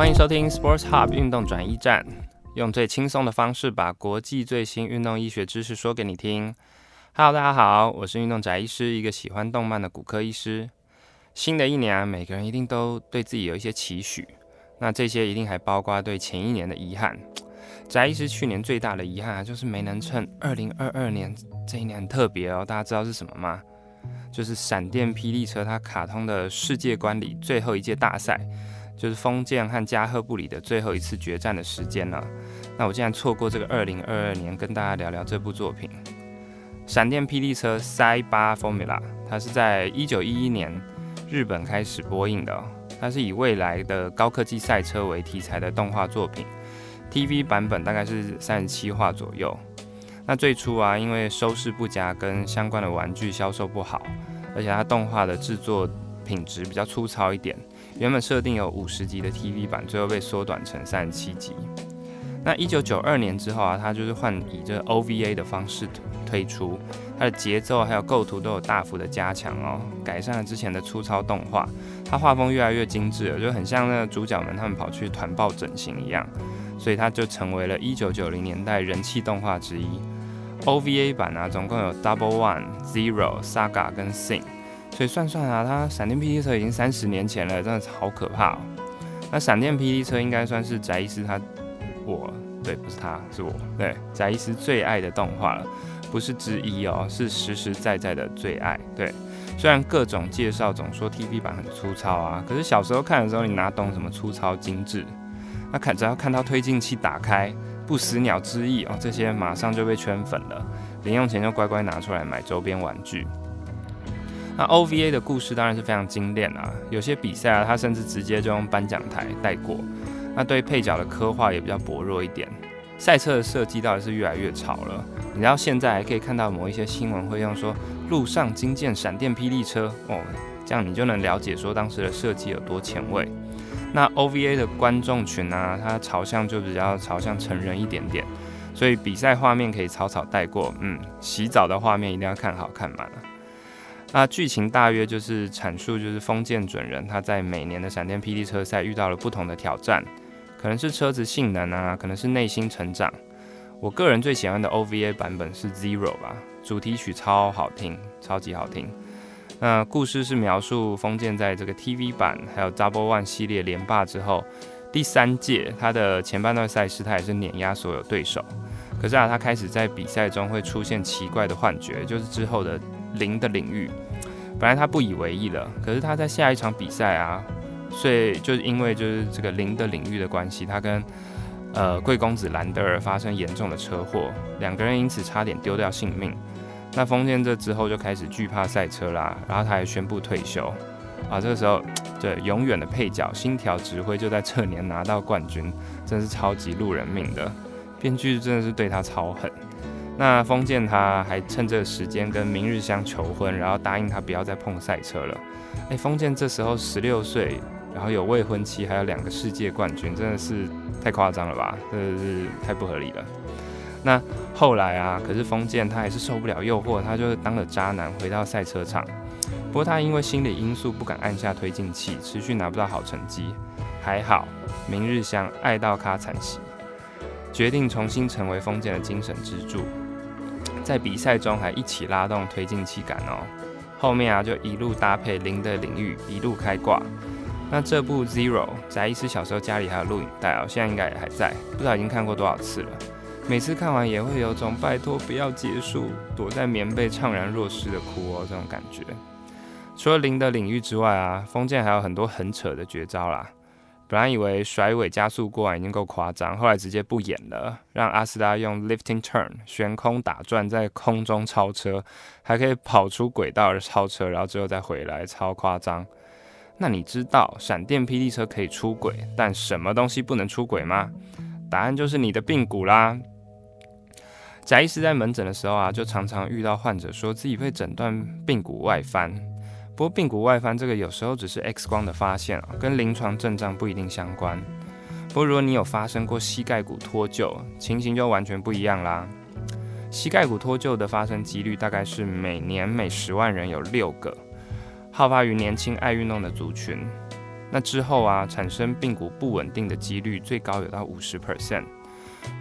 歡迎收聽 Sports Hub 運動轉譯站，用最輕鬆的方式把國際最新運動醫學知識說給你聽。Hello，大家好，我是運動宅醫師，一個喜歡動漫的骨科醫師。新的一年啊，每個人一定都對自己有一些期許，那這些一定還包括對前一年的遺憾。宅醫師去年最大的遺憾啊，就是沒能趁二零二二年這一年很特別哦，大家知道是什麼嗎？就是《閃電霹靂車》它卡通的世界觀裡最後一屆大賽。就是風見和加賀布里德的最後一次決戰的時間了。那我竟然錯過這個二零二二年，跟大家聊聊這部作品《閃電霹靂車 Cyber Formula》。它是在一九一一年日本開始播映的，它是以未來的高科技賽車為題材的動畫作品。TV 版本大概是三十七話左右。那最初啊，因為收視不佳，跟相關的玩具銷售不好，而且它動畫的制作。品質比較粗糙一點，原本設定有五十集的 TV 版，最後被縮短成三十七集。那一九九二年之後啊，它就是換以這個 OVA 的方式推出，它的節奏還有構圖都有大幅的加強哦，改善了之前的粗糙動畫，它畫風越來越精致了，就很像那個主角們他們跑去團報整形一樣，所以它就成為了一九九零年代人氣動畫之一。OVA 版呢、啊，總共有 Double One、Zero、Saga 跟 Sing。所以算算啊，他閃電霹靂車已經三十年前了，真的是好可怕哦、喔。那閃電霹靂車應該算是宅醫師他，我對，不是他是我對，宅醫師最愛的動畫了，不是之一哦、喔，是實實在在的最愛。對，雖然各種介紹總說 TV 版很粗糙啊，可是小時候看的時候，你哪懂什麼粗糙精緻？那看只要看到推進器打開，不死鳥之翼哦、喔，這些馬上就被圈粉了，零用錢就乖乖拿出來買周邊玩具。那 OVA 的故事當然是非常精煉啦、啊，有些比賽啊，它甚至直接就用頒獎台帶過。那對於配角的刻畫也比較薄弱一點。賽車的設計倒也是越來越潮了，你知道現在還可以看到某一些新聞會用說路上驚見閃電霹靂車哦，這樣你就能了解說當時的設計有多前衛。那 OVA 的觀眾群啊，它朝向就比較朝向成人一點點，所以比賽畫面可以草草帶過，嗯，洗澡的畫面一定要看好看嘛。那劇情大約就是闡述，就是風見隼人他在每年的閃電霹靂車賽遇到了不同的挑戰，可能是車子性能啊，可能是內心成長。我個人最喜歡的 OVA 版本是 Zero 吧，主題曲超好聽，超級好聽。那故事是描述風見在這個 TV 版還有 Double One 系列連霸之後，第三屆他的前半段賽事他也是碾壓所有對手，可是啊，他開始在比賽中會出現奇怪的幻覺，就是之後的。零的領域，本來他不以為意的。可是他在下一場比賽啊，所以就是因為就是這個零的領域的關係，他跟呃貴公子蘭德爾發生嚴重的車禍，兩個人因此差點丟掉性命。那風見這之後就開始懼怕賽車啦，然後他還宣布退休啊。這個時候，對永遠的配角新條直輝就在這年拿到冠軍，真是超級路人命的編劇真的是對他超狠。那風見他還趁這個時間跟明日香求婚，然後答應他不要再碰賽車了。哎、欸，風見這時候十六歲，然後有未婚妻，還有兩個世界冠軍，真的是太誇張了吧？真的是太不合理了。那後來啊，可是風見他還是受不了誘惑，他就當了渣男，回到賽車場。不過他因為心理因素不敢按下推進器，持續拿不到好成績。還好，明日香愛到卡慘死，決定重新成為風見的精神支柱。在比賽中還一起拉動推進器桿哦，後面啊就一路搭配零的領域一路開掛。那這部《Zero》宅醫師小時候家裡還有錄影帶哦，現在應該也還在，不知道已經看過多少次了。每次看完也會有種拜托不要結束，躲在棉被悵然若失的哭哦這種感覺。除了零的領域之外啊，風見還有很多很扯的絕招啦。本來以為甩尾加速過彎已經夠誇張，後來直接不演了，讓阿斯拉用 lifting turn 懸空打轉，在空中超車，還可以跑出軌道而超車，然後最後再回來，超誇張。那你知道閃電霹靂車可以出軌，但什麼東西不能出軌嗎？答案就是你的髕骨啦。宅醫師在門診的時候啊，就常常遇到患者說自己被診斷髕骨外翻。不過髕骨外翻這個有時候只是 X 光的發現啊，跟臨床症狀不一定相關。不過如果你有發生過膝蓋骨脫臼，情形就完全不一樣啦。膝蓋骨脫臼的發生幾率大概是每年每十萬人有六個，好發於年輕愛運動的族群。那之後啊，產生髕骨不穩定的幾率最高有到五十 percent。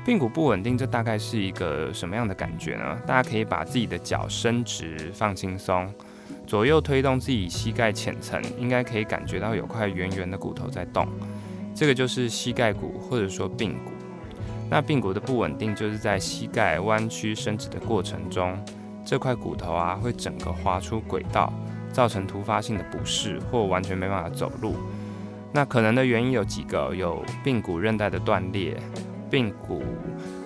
髕骨不穩定，這大概是一個什麼樣的感覺呢？大家可以把自己的腳伸直，放輕鬆。左右推動自己膝蓋淺層，應該可以感覺到有塊圓圓的骨頭在動，這個就是膝蓋骨或者說髕骨。那髕骨的不穩定，就是在膝蓋彎曲伸直的過程中，這塊骨頭啊會整個滑出軌道，造成突發性的不適或完全沒辦法走路。那可能的原因有幾個，有髕骨韌帶的斷裂，髕骨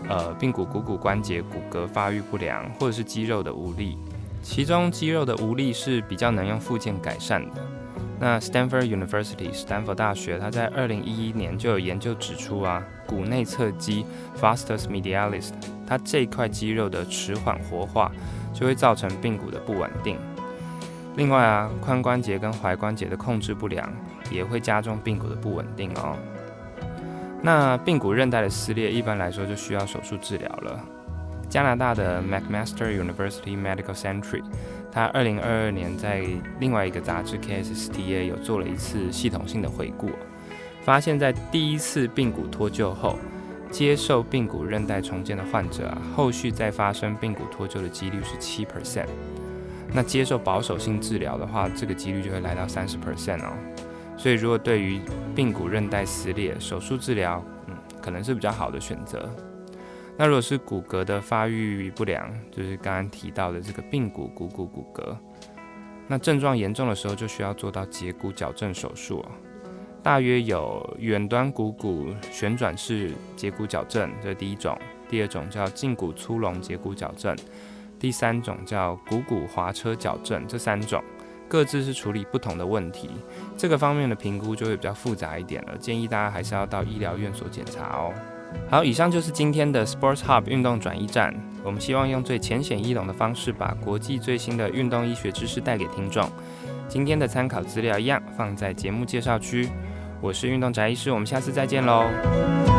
呃髕骨股骨關節骨骼發育不良，或者是肌肉的無力。其中肌肉的無力是比較能用復健改善的。那 Stanford University 斯坦福大學，它在二零一一年就有研究指出啊，股內側肌 vastus medialis，它這塊肌肉的遲緩活化，就會造成髕骨的不穩定。另外啊，髖關節跟踝關節的控制不良，也會加重髕骨的不穩定哦。那髕骨韌帶的撕裂，一般來說就需要手術治療了。加拿大的 McMaster University Medical Centre，他二零二二年在另外一個雜誌 K S S T A 有做了一次系統性的回顧，發現，在第一次髕骨脫臼後，接受髕骨韌帶重建的患者啊，後續再發生髕骨脫臼的幾率是七 percent，那接受保守性治療的話，這個幾率就會來到三十 percent 哦，所以如果對於髕骨韌帶撕裂，手術治療，嗯，可能是比較好的選擇。那如果是骨骼的發育不良，就是剛剛提到的這個髕骨、股骨骨骼，那症狀嚴重的時候就需要做到截骨矯正手術。大約有遠端股骨旋轉式截骨矯正，這是第一種；第二種叫脛骨粗隆截骨矯正；第三種叫股骨滑車矯正。這三種各自是處理不同的問題，這個方面的評估就會比較複雜一點了。建議大家還是要到醫療院所檢查哦。好，以上就是今天的 Sports Hub 運動轉移站。我們希望用最淺顯易懂的方式，把國際最新的運動醫學知識帶給聽眾。今天的參考資料一樣放在節目介紹區。我是運動宅醫師，我們下次再見嘍。